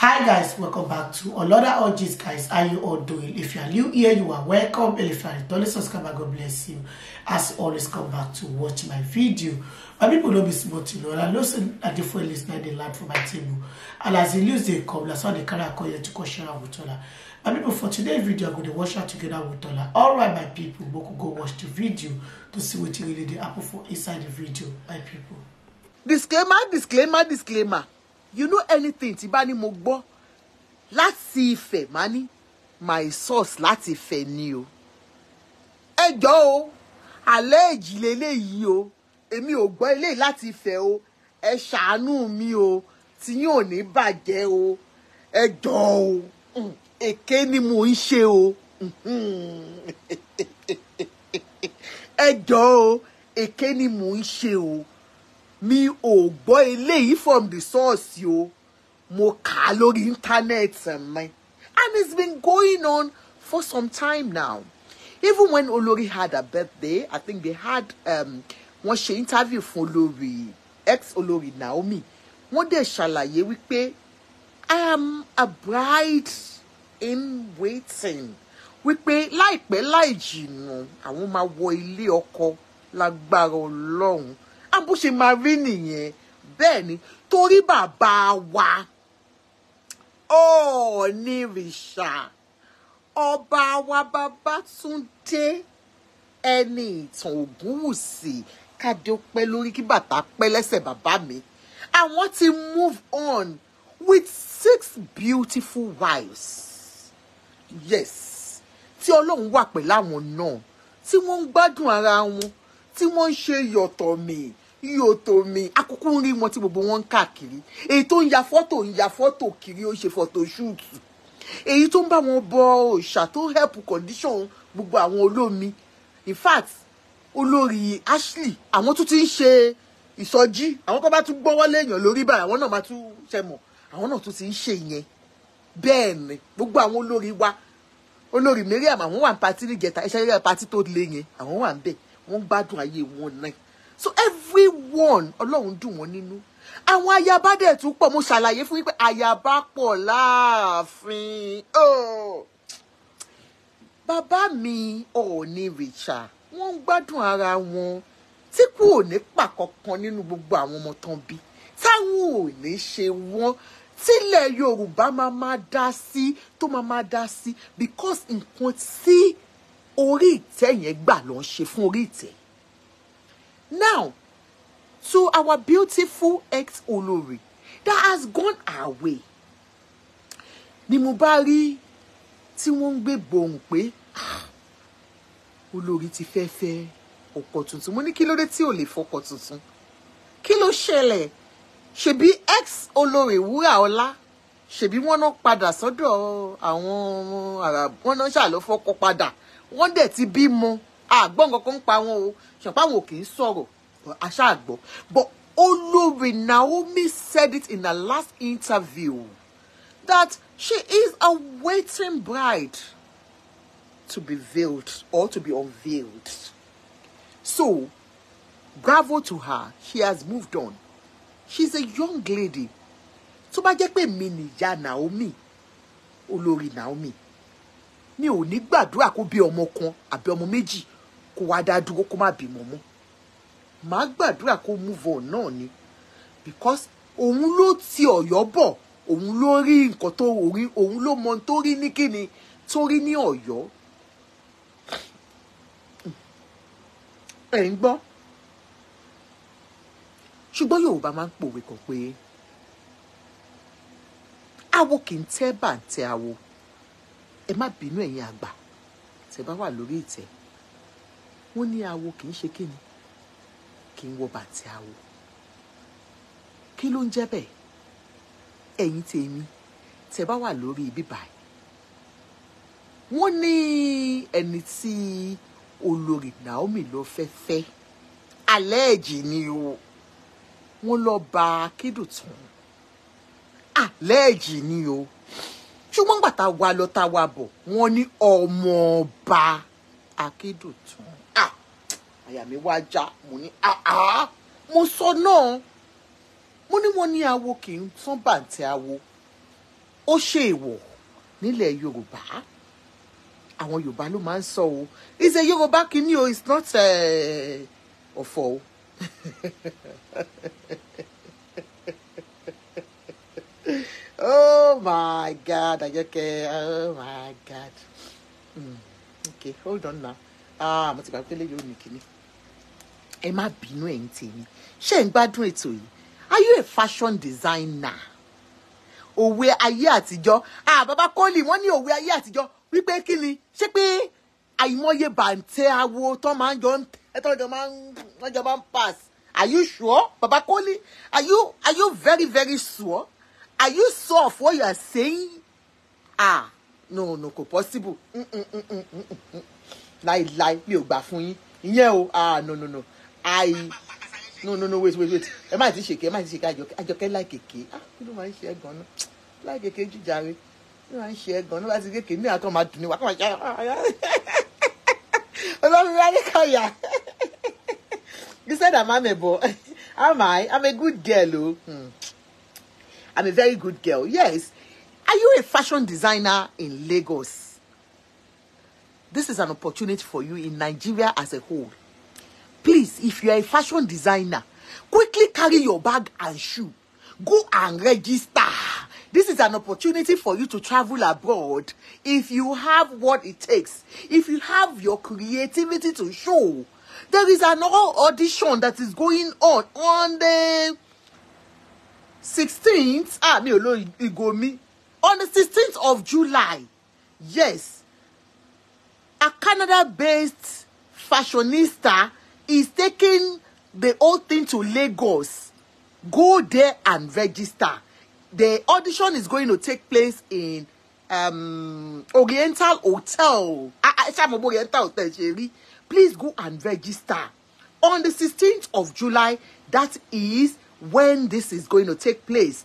hi guys welcome back to another orgies guys how you all doing if you are new here you are welcome and if you are returning subscriber god bless you as always come back to watch my video my people no be small to know and i know say a different listener dey land for my table and as the news dey come na so i dey carry am come here to come share with una my people for today's video I'm going to watch am together with una alright my people we could go watch the video to see wetin really did. happen for inside the video my people. disclaimer disclaimer disclaimer you know anything tí bá ní mo gbọ́ láti Ifẹ̀ má ní my source láti Ifẹ̀ ni o ẹjọ́ o alẹ́ ìjìlẹ̀ eléyìí o èmi ò gbọ́ eléyìí láti Ifẹ̀ o ẹ ṣàánú mi o tí yín ò ní bàjẹ́ o ẹjọ́ mm, mm-hmm. o èké ni mò ń ṣe o ẹjọ́ o èké ni mò ń ṣe o mi ò gbọ́ eléyìí from the source o mo kà á lórí íńtánẹ́ẹ̀tì mi and it's been going on for some time now even when olori had her birthday i think they had um, wọ́n ṣe interview fún olori ex olori naomi wọ́n dẹ̀ ṣàlàyé wípé i am um, a bride in waiting wípé láìpẹ́ láì jìnnà àwọn máa wọ ilé ọkọ lágbára ọlọ́run bó ṣe máa rí nìyẹn bẹ́ẹ̀ ni torí bàbá wa ọ̀ọ́ni rìṣà ọba wa Babátúndé ẹni ìtàn Ògúnwùsì káde ó pẹ́ lórí kí bàtà pẹ́ lẹ́sẹ̀ bàbá mi àwọn ti move on with six beautiful wives yes tí ọlọ́run wà pẹ̀lú àwọn náà tí wọ́n ń gbádùn ara wọn tí wọ́n ń ṣe yọ̀tọ̀ mìí yóò tó mi akókó ń rí wọn tí gbogbo wọn ń káàkiri èyí tó ń ya fọ́tò ń ya fọ́tò kiri ó ṣe fọ́tò ṣúùtù èyí tó ń bá wọn bọ òòṣà tó help condition gbogbo àwọn olómi in fact olórí Ashley àwọn tó ti ń ṣe ìsọjí àwọn kan bá tún gbọ́ wọlé èèyàn lórí báyìí àwọn náà bá tún ṣe mọ̀ àwọn náà tún ti ń ṣe ìyẹn bẹ́ẹ̀ ni gbogbo àwọn olórí wa olórí Mariam àwọn wà ní patí níjẹta iṣẹ́ rẹ̀ patí tó le yẹn àwọn wà ń bẹ̀ wọ́n gbádùn ayé wọn náà so everyone ọlọ́run dùn wọ́n nínú àwọn ayaba dẹ̀ tún pọ̀ mo ṣàlàyé fún yín pé ayaba pọ̀ láàfin oh. bàbá mi Ọọ̀ni Ìrìṣà wọ́n ń gbádùn ara wọn tí kò ní pàkọ́kan nínú gbogbo àwọn ọmọ tán bí táwọn ò ní ṣe wọ́n tílẹ̀ Yorùbá máa máa dá sí tó máa máa dá sí because nǹkan tí orí ìtẹ́ yẹn gbà ló ṣe fún orí ìtẹ́ Now, to our beautiful ex Olori that has gone away. way. Ni mo bá rí tí wọ́n ń gbé bòun ah, Olori ti fẹ́ fẹ́ ọkọ tuntun. Mo ní kí ló dé tí ò lè tuntun? Kí ló ṣẹlẹ̀? Ṣebí ex Olori Wúrà Ọlá ṣebí wọ́n náà padà sọ́dọ̀ àwọn ará wọ́n náà ṣàlọ́ fọkọ padà wọ́n dẹ̀ ti bímọ àgbọ̀ nǹkan kan ń pa wọn o ṣùgbọ́n àwọn ò kì í sọ̀rọ̀ àṣà àgbọ̀ but Olori Naomi said it in her last interview that she is a waiting bride to be veiled or to be unveiled. So, bravo to her. She has moved on. She's a young lady. Tó bá jẹ́ pé mi nìyá Naomi, olórí Naomi, mi ò ní gbàdúrà kó bí ọmọ kan àbí ọmọ méjì kó wá dá dúró kó má bímọ mọ́ màá gbàdúrà kó move on náà ni because òun ló ti Ọ̀yọ́ bọ̀ òun ló rí nǹkan tó rí òun ló mọ tó rí ní kíni tó rí ní Ọ̀yọ́ ẹ ń gbọ́ ṣùgbọ́n Yorùbá máa ń pòwe kan pé awo kì í tẹ́ bàǹtẹ́ awo ẹ má bínú ẹ̀yin àgbà tẹ́ bá wà lórí ìtẹ́ wọ́n ní awo kì í ṣe kíni kì í wọ bàtí awo kí ló ń jẹ́ bẹ́ẹ̀ ẹ̀yin tèmi tẹ́ bá wà lórí bíbá yìí wọ́n ní ẹni tí olórí Naomi ló fẹ́ fẹ́ àlẹ́ẹ̀jì ni o wọ́n lọ bá Akíndùntàn àlẹ́ẹ̀jì ni o ṣùgbọ́n gbàtà wa lọ tá a wa bọ̀ wọ́n ní ọmọ ọba Akíndùntàn àyà mi wá já mo ní àá mo sọ náà mo ní wọn ní awo kì í tán bàǹtẹ̀ awo ó ṣe èèwọ̀ nílẹ̀ Yorùbá àwọn Yorùbá ló máa ń sọ o ìṣe Yorùbá kìíní o it's not eh, ọ̀fọ̀ o oh my God Àjọkẹ́ oh my God mm. okay hold on now ah mo ti gbàgbé lẹ́yìn òní kìíní ẹ má bínú ẹ̀yin tèmi ṣé ẹ̀ ń gbádùn ètò yìí are you a fashion designer òwe ayé àtijọ́ àbábá kọ́lì wọ́n ní òwe ayé àtijọ́ wípé kí ni ṣé pé àìmọye bàǹtẹ́ awo tó máa ń jọ ń ẹtọ́ jọ máa ń wọ́n jọ máa ń pass are you sure baba kọ́lì are you are you very very sure are you sure of what you are saying ah no no kò possible mm, mm, mm, láìláì mi ò gbà fún yín ìyẹn o ah no no no. I no no no wait wait wait shake má ti ṣèké I má ti ṣèké like a key. ah you lo ló máa ń ṣe ẹ gan-an láì kéke jíjàre kí ló share gun. ṣe ẹ gan-an nígbà tí kéke ní àkọ́ máa dùn ní wàá kọ́ máa ṣe olórí ah, ah, ah. you said I'm amiable am I I'm a good girl o oh. hmm. I'm a very good girl yes are you a fashion designer in Lagos this is an opportunity for you in Nigeria as a whole. Please, if you are a fashion designer, quickly carry your bag and shoe. Go and register. This is an opportunity for you to travel abroad if you have what it takes, if you have your creativity to show. There is an audition that is going on on the 16th. Ah, mi ò lo ìgò mi. On the 16th of July. Yes. A Canada-based fashionista is taking the whole thing to Lagos. Go there and register. The audition is going to take place in um, Oriental Hotel. Ah, ah, Oriental Hotel, Please go and register. On the 16th of July, that is when this is going to take place.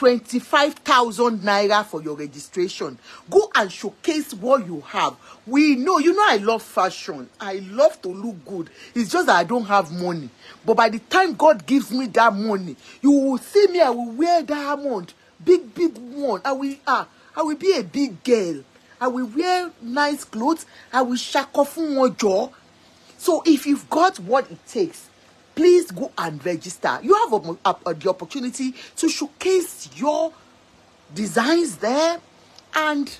25,000 naira for your registration. Go and showcase what you have. We know, you know, I love fashion. I love to look good. It's just that I don't have money. But by the time God gives me that money, you will see me, I will wear diamond. Big, big one. I will, ah, I will be a big girl. I will wear nice clothes. I will shackle one jaw. So if you've got what it takes, please go and register. You have a, a, the opportunity to showcase your designs there. And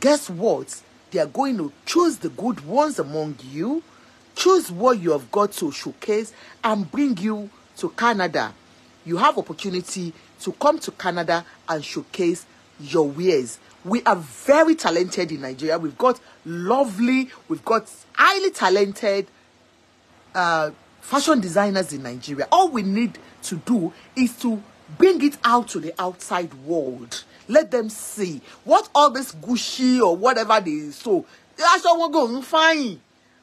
guess what? They are going to choose the good ones among you, choose what you have got to showcase, and bring you to Canada. You have opportunity to come to Canada and showcase your wares. We are very talented in Nigeria. We've got lovely, we've got highly talented uh, fashion designers in Nigeria. All we need to do is to bring it out to the outside world. Let them see what all this Gucci or whatever they so that's all we're going fine.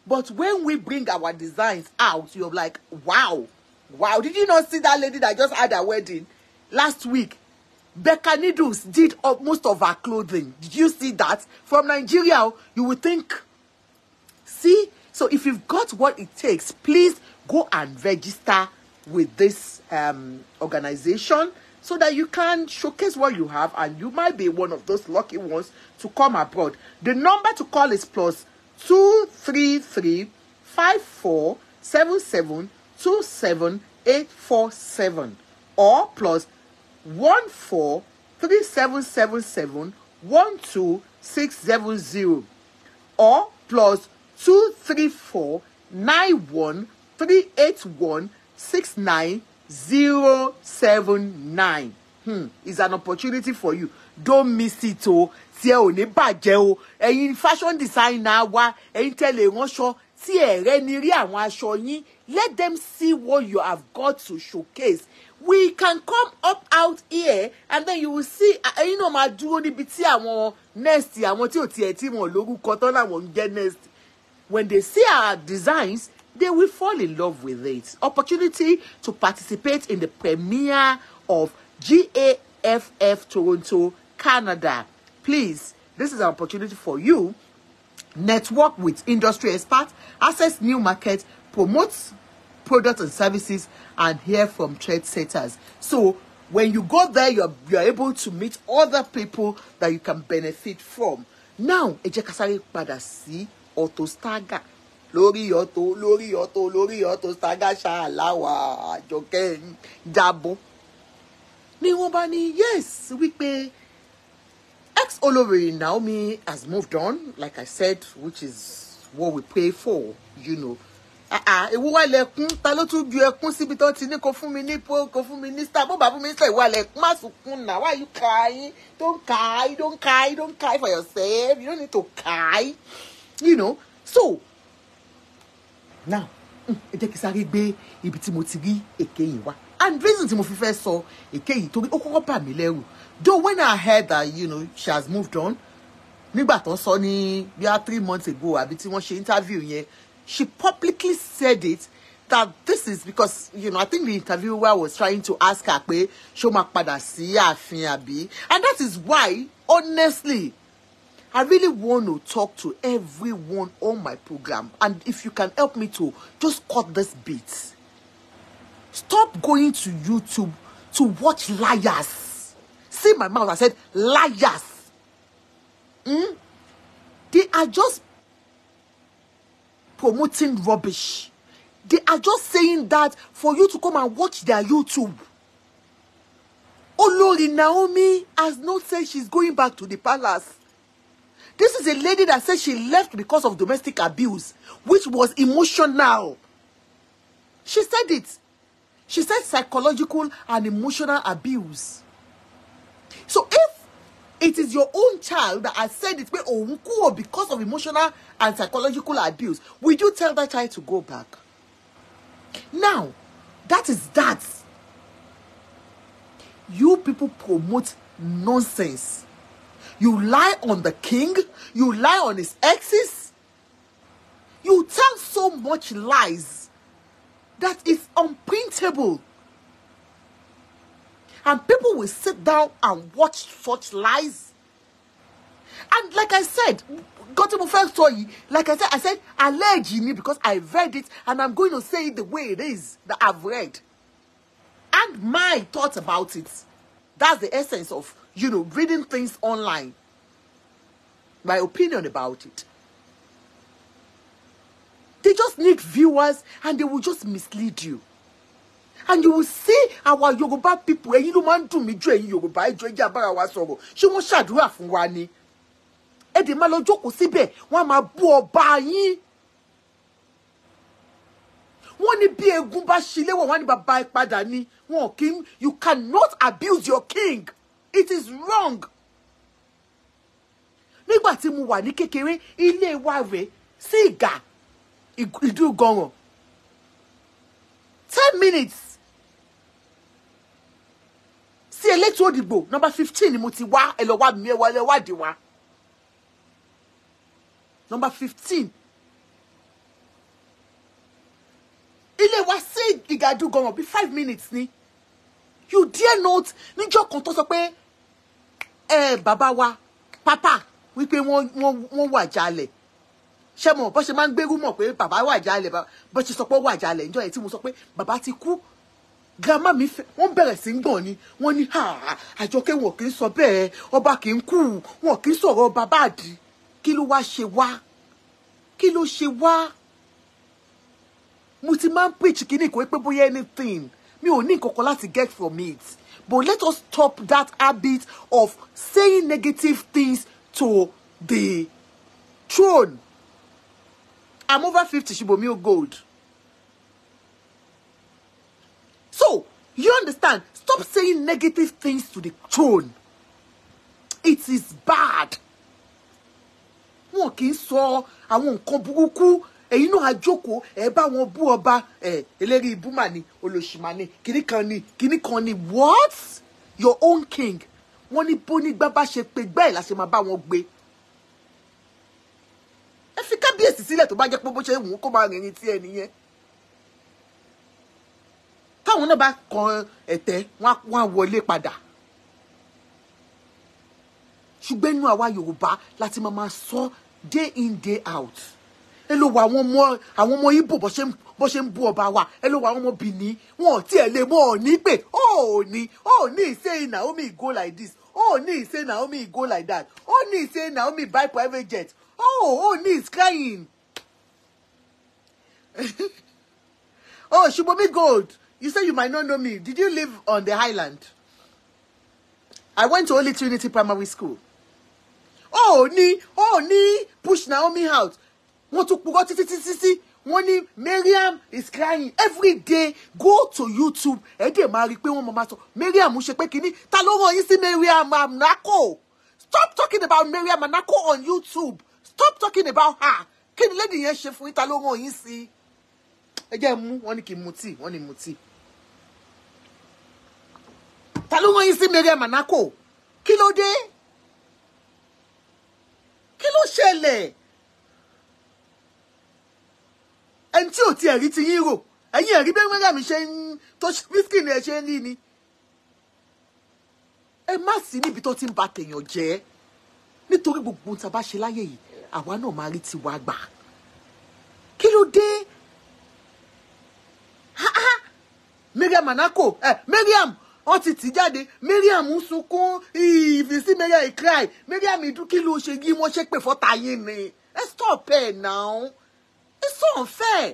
But when we bring our designs out, you're like, wow, wow. Did you not see that lady that just had her wedding last week? Becca Needles did up most of her clothing. Did you see that? From Nigeria, oh, you would think, see? So if you've got what it takes, please go and register with this um, organization so that you can showcase what you have and you might be one of those lucky ones to come abroad. The number to call is plus 233 5477 27847 or plus 14 3777 or plus 234 three eight one six nine zero seven nine hmm is an opportunity for you don't miss it o oh. tí ẹ ò ní bàjẹ́ o oh. ẹ̀yin fashion designer wa ẹ̀yin tẹ́lẹ̀ ránṣọ tí ẹ̀rẹ́ ni rí àwọn aṣọ yín let them see what you have got to showcase we can come up out here and then you will see ẹ̀yin náà máa dúró níbi tí àwọn next àwọn tí ò tiẹ̀ tí wọn lórúkọ tán làwọn ń jẹ́ next when they see our designs they will fall in love with it. Opportunity to participate in the premiere of GAFF Toronto, Canada. Please, this is an opportunity for you. Network with industry experts, access new markets, promote products and services, and hear from trade setters. So, when you go there, you're, you're able to meet other people that you can benefit from. Now, Ejekasari Padasi, to Staga. lórí ọ̀tọ̀ lórí ọ̀tọ̀ lórí ọ̀tọ̀ sagasa aláwa àjọkẹ́ jábọ́ ni wọ́n bá ní yes wípé ex olórí Naomi has moved on like I said which is what we pray for you know ìwọ wà lẹkún ta ló tún ju ẹkún síbi tó ti ní kó fún mi ní po kó fún mi ní star bó bá mi ní star ìwọ lẹkún má sunkún náà why you crying don't cry don't cry don't cry for yourself you don't need to cry you know so now ẹ jẹ́ kí sáré gbé ibi tí mo ti rí èké yìí wá and reason tí mo fi fẹ́ sọ èké yìí torí ó kọ́kọ́ bà mí lẹ́rù though when I heard that you know, she has moved on nígbà tó sọ ní bíi three months ago àbí tí wọ́n ṣe interview yẹn she publicly said it that this is because you know I think the interviewer was trying to ask her pé ṣé ó máa padà sí ààfin àbí and that is why honestly I really want to talk to everyone on my program. And if you can help me to just cut this bit. Stop going to YouTube to watch liars. See my mouth, I said liars. Mm? They are just promoting rubbish. They are just saying that for you to come and watch their YouTube. Oh Olori Naomi has not said she's going back to the palace. This is a lady that said she left because of domestic abuse, which was emotional. She said it. She said psychological and emotional abuse. So if it is your own child that has said it, or because of emotional and psychological abuse, would you tell that child to go back? Now, that is that. You people promote nonsense. You lie on the king, you lie on his exes. You tell so much lies that it's unprintable. And people will sit down and watch such lies. And like I said, got to first story. Like I said, I said allegedly because I read it and I'm going to say it the way it is that I've read. And my thoughts about it. That's the essence of you know, reading things online. My opinion about it. They just need viewers and they will just mislead you. And you will see our Yoruba people, ẹ̀yin you máa ń dùn mí jù ẹ̀yin Yorùbá ẹjọ́ ẹ jẹ́ á bára wa sọ̀rọ̀. Ṣé wọ́n ṣàdúrà fún wa ni? Ẹ dẹ̀ máa lọ jókòó síbẹ̀, wọ́n á máa bú ọba yín. Wọ́n ní bí egun bá ṣílé wọ̀, wọ́n ní bàbá ẹ ni. Wọn kì you cannot abuse your king it is wrong nígbà tí mo wà ní kékeré ilé wa rèé sí ìgà ìdúgọràn ten minutes sí elétò òdìgbò number fifteen ni mo ti wá ẹ lọ wá mi ẹ wá ẹ wádìí wa nọ́mbà fifteen ilé wa sí ìgà ìdúgọràn bíi five minutes ni you dare not níjọ́ kan tó sọ pé ẹ bàbá wa papa wípé wọ́n wà jalè ṣé mo bó ṣe máa ń gbérú mọ̀ pé bàbá wà jalè bó ṣe sọ pé ó wà jalè níjọ́ yẹn tí mo sọ pé bàbá ti kú grandma mi fẹ́ wọ́n bẹ̀rẹ̀ sí ń gbọ̀n ni wọ́n ní àjọkẹ́ wọn kì í sọ bẹ́ẹ̀ ọba kì í kú wọn kì í sọ̀rọ̀ bàbá àdì kí ló wá ṣe wá kí ló ṣe wá mo ti máa ń preach kíní kò pé bóyá anything mi ò ní nǹkankan láti get from it but let us stop that habit of saying negative things to the throne i'm over fifty ṣùgbọ́n mi ò oh gold so you understand stop saying negative things to the throne it is bad wọn kì í sọ àwọn nǹkan burúkú ẹ̀yin náà àjókòó ẹ bá wọn bú ọba ẹ eléri ibùmà ni olóṣìmà ni kìnnì kan ni kìnnì kan ni what your own king wọ́n ní bónígbá bá ṣe pé gbẹ́ẹ̀ la ṣe máa bá wọn gbé ẹ fi kábíyèsí sílẹ̀ tó bá jẹ́ pé bó ṣe wù ú kó máa rìnrìn tí ẹ nìyẹn táwọn náà bá kan ẹ̀tẹ́ wọ́n á wọlé padà ṣùgbọ́n inú àwa Yorùbá láti máa máa sọ day in day out ẹ ló wo àwọn ọmọ àwọn ọmọ ibo bó ṣe ń bó ṣe ń bú ọba wa ẹ ló wo àwọn ọmọ Benin wọn ò tiẹ̀ lè mọ òní pé ó ní ó ní say Naomi go like this ó ní say Naomi go like that ó ní say Naomi buy private jet ó ó ní is crying oh Shibomi Gold you say you might not know me did you live on the island I went to Only Trinity Primary School ó ní ó ní push Naomi out wọ́n tún purọ́ títí títí sí wọ́n ní Mariam is crying every day go to YouTube ẹ̀ẹ́dẹ̀ máa rí i pé wọ́n mọ̀ máa sọ Mariam ṣe pé kínní ta ló rán yín sí Mariam anako stop talking about Mariam anako on YouTube stop talking about her kí ni lady yẹn ṣe fún yín ta ló rán yín sí ẹ jẹ́ mú wọ́n ní kí mu tíì wọ́n ní mu tíì ta ló rán yín sí Mariam anako kí ló dé kí ló ṣẹlẹ̀. ẹni tí ò tiẹ̀ rí ti yín rò ẹ̀yin ẹ̀rí bẹ́ẹ̀ wẹ́rẹ́ mi ṣe ń tó wíṣkì ni ẹ ṣe ń rí ni. ẹ má sí níbi tó ti ń ba tèèyàn jẹ́ nítorí gbogbo ohun tá a bá ṣe láyé yìí àwa náà máa rí tiwa gbà kí ló dé Mariam Anako eh, Mariam wọ́n ti tì jáde Mariam ń sunkún ìfìsí Mariam cry Mariam ìdúkìlù ṣe yí wọ́n ṣépè fọ́tà yín ni eh, ẹ stop ẹ̀ náà it's so unfair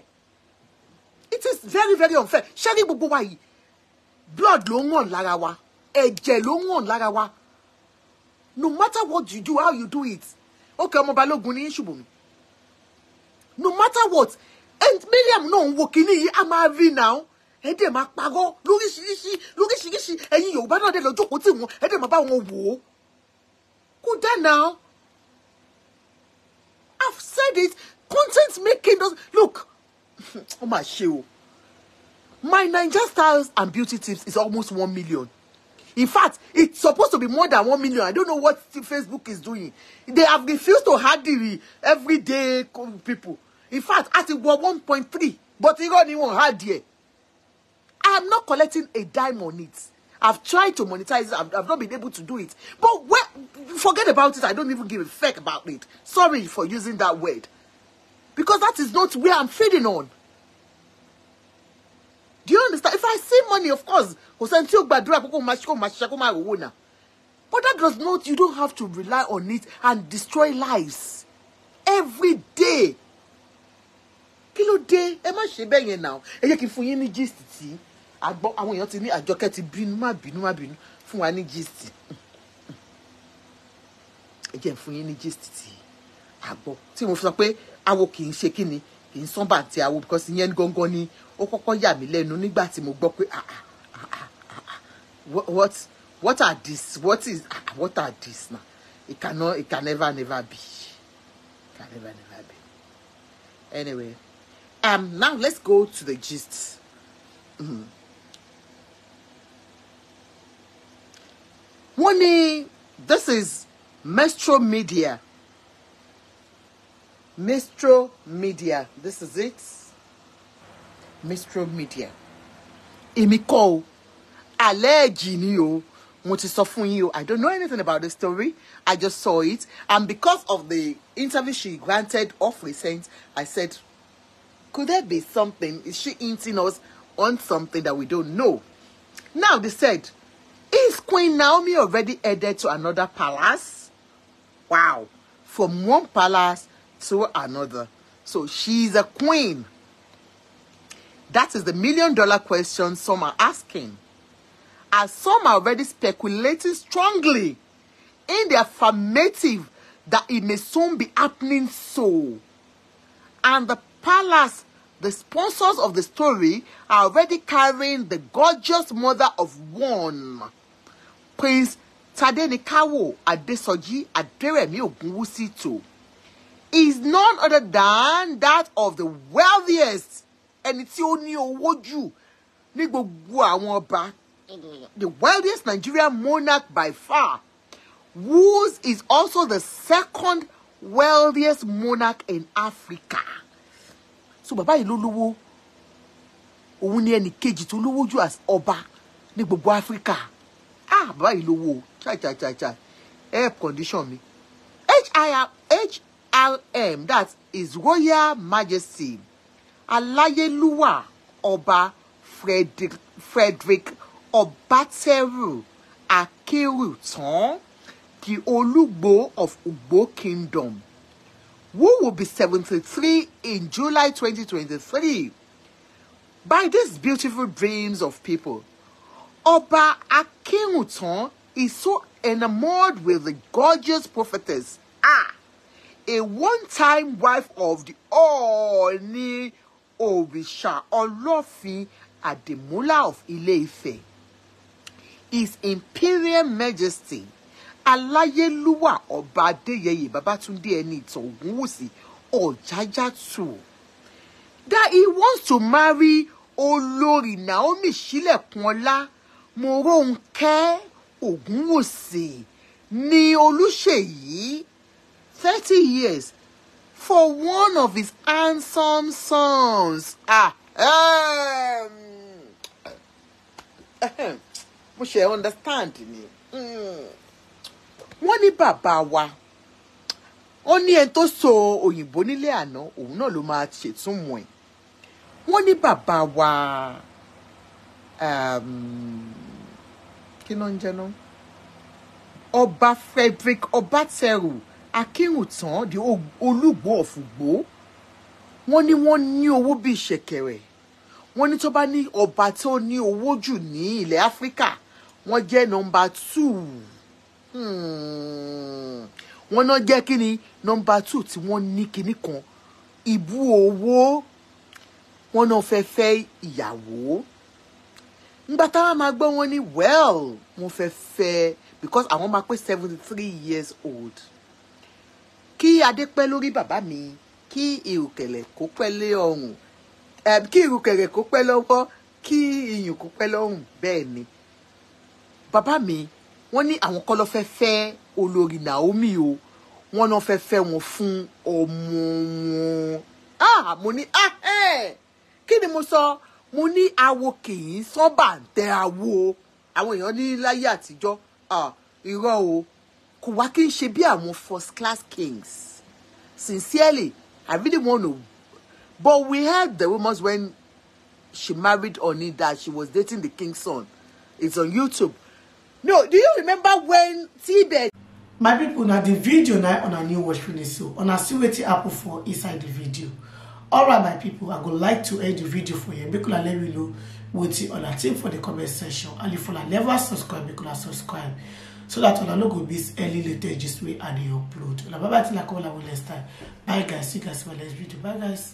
it is very very unfair ṣé rí gbogbo wa yìí blood ló ń hàn lára wa ẹ̀jẹ̀ ló ń hàn lára wa no matter what you do how you do it okay ọmọ balógun ní ṣùgbọ́n no matter what and Mariam náà ń wo kinní yìí a máa rí náà ẹ dẹ̀ máa parọ́ lóríṣiríṣi lóríṣiríṣi ẹ̀yin Yorùbá náà dẹ̀ lọ jókòó tì wọ́n ẹ dẹ̀ máa bá wọn wò ó kú dẹ́ náà I've said it content making does look oh my sheo my ninja styles and beauty tips is almost one million in fact it's supposed to be more than one million i don't know what facebook is doing they have refused to add the everyday people in fact at iwọ one point three but irọ́ don't even add there i am not collecting a dime on it I've tried to monetize I've, I've not been able to do it. But where, forget about it. I don't even give a fuck about it. Sorry for using that word because that is not where I'm feeding on. Do you understand? If I see money, of course, kò sẹ́ni tí ó gbàdúrà But that does not, you don't have to rely on it and destroy lives every day. Kilo day? dé? Ẹ má ṣe bẹ́ẹ̀ yẹn náà. Ẹ jẹ́ kí n fún yín ní gist I àgbọ̀ àwọn èèyàn ti ní àjọkẹ́ ti bínú má bínú má bínú fún gist. Ẹ jẹ́ n gist àgbọ̀ tí mo fi sọ pé awo kì í ṣe kí ni kì í sánbà tí awo because ìyẹn gangan ni ó kọ́kọ́ yà mí lẹ́nu nígbà tí mo gbọ́ pé ah ah, ah, ah, ah what what are this what is ah what are this na it cannot it can never never be it can never never be anyway um now let's go to the gist. Mm. wọ́n ní this is Metro Media Mistro Media. This is it. Mistro Media. Èmi kọ́ you, Àlẹ́ẹ̀jì ni o. Mo o. I don't know anything about the story. I just saw it. And because of the interview she granted off recent, I said, could there be something? Is she hinting us on something that we don't know? Now they said, is Queen Naomi already headed to another palace? Wow. From one palace to another. So she's a queen. That is the million dollar question some are asking. As some are already speculating strongly in the affirmative that it may soon be happening so. And the palace, the sponsors of the story, are already carrying the gorgeous mother of one, Prince Tadenikawo Adesoji Aderemi Ogunwusi too. is none other than that of the wealthiest ẹni tí ó ní owó jù ní gbogbo àwọn ọba the wealthiest Nigerian monarch by far whose is also the second wealthiest monarch in Africa so bàbá yìí ló lówó òun ni ẹnì kejì tó lówó jù as ọba ní gbogbo Africa ah bàbá yìí lówó chai chai chai chai air condition mi hir RM, that's Royal Majesty Alayeluwa Oba Frederick, Frederick Obateru Akerutan, the Olugbo of Ugbo Kingdom, who will be 73 in July 2023. By these beautiful dreams of people, Oba Akerutan is so enamored with the gorgeous prophetess. Ah! a one-time wife of the Ọọ̀ni Òrìṣà Ọlọ́fin Àdìmúlà of Ilé-Ifẹ̀. His Imperial Majesty Aláyélúwà Ọba Adéyẹyè Babátúndé ẹni ìtàn Ògúnwùsì Ọ̀jájátù. That he wants to marry Olórí Naomi Ṣílẹ̀kùnọlá Moronke Ògúnwùsì ní Olúṣèyí thirty years for one of his handsome sons. Ah, um, mo ṣe understand ni. Hmm. Wọ́n ní bàbá wa, ó ní ẹni tó so òyìnbó nílé àná, òun náà ló máa ṣètúmọ̀ ẹ̀. Wọ́n ní bàbá wa, ehm, kí ló ń jẹ́ náà? Ọba Frederick Ọbátẹrù akínwùtán di olúgbò ọ̀fùgbò wọ́n ní wọ́n ní owó bíi ṣẹ̀kẹ̀rẹ̀ wọ́n ní tó bá ní ọba tó ní owó jù ní ilẹ̀ áfíríkà wọ́n jẹ́ nọ́mbà two hmm. wọ́n náà jẹ́ kí ni nọ́mbà two tí wọ́n ní kinní kan ìbú owó wọ́n náà fẹ́ fẹ́ ìyàwó ngbà táwọn máa gbọ́ wọn ní well wọ́n fẹ́ fẹ́ because àwọn máa pé seventy three years old kí adé pẹ́ lórí bàbá mi kí ìrùkẹ̀rẹ̀ kó pẹ́ lé ọrùn eh, kí ìrùkẹ̀rẹ̀ kó pẹ́ lọ́wọ́ kí iyùn kó pẹ́ lọ́rùn bẹ́ẹ̀ ni bàbá mi wọ́n ní àwọn kọ́ ló fẹ́ fẹ́ olórí Naomi o wọ́n náà fẹ́ fẹ́ wọn fún ọmọ wọn ah mo ní ah ẹ̀ eh, kí ni mo sọ mo ní awo kì í sọ́bà ń awo àwọn èèyàn ní láyé àtijọ́ ah irọ́ o kò wá kí n ṣe bí àwọn first class kings sincerely i really want to but we heard the rumors when she married Oni that she was dating the king's son it's on youtube no do you remember when tibet. my pipo na di video na una new watch finish so una see wetin happen for inside di video alright my pipo i go like to end di video for here make una let me know wetin una think for di comment section and if una never subscribe make una subscribe so that una no go miss any latest gist wey i dey upload una bye bye till i come una next time bye guys see you guys for my next video bye guys.